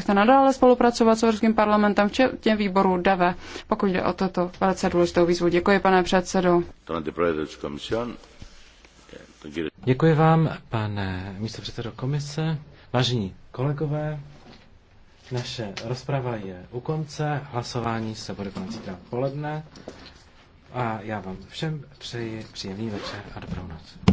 chcete nadále spolupracovat s Evropským parlamentem, v těm výboru DAVE, pokud jde o toto velice důležitou výzvu. Děkuji, pane předsedo. Děkuji vám, pane místopředsedo komise. Vážení kolegové, naše rozprava je u konce, hlasování se bude konat zítra poledne a já vám všem přeji příjemný večer a dobrou noc.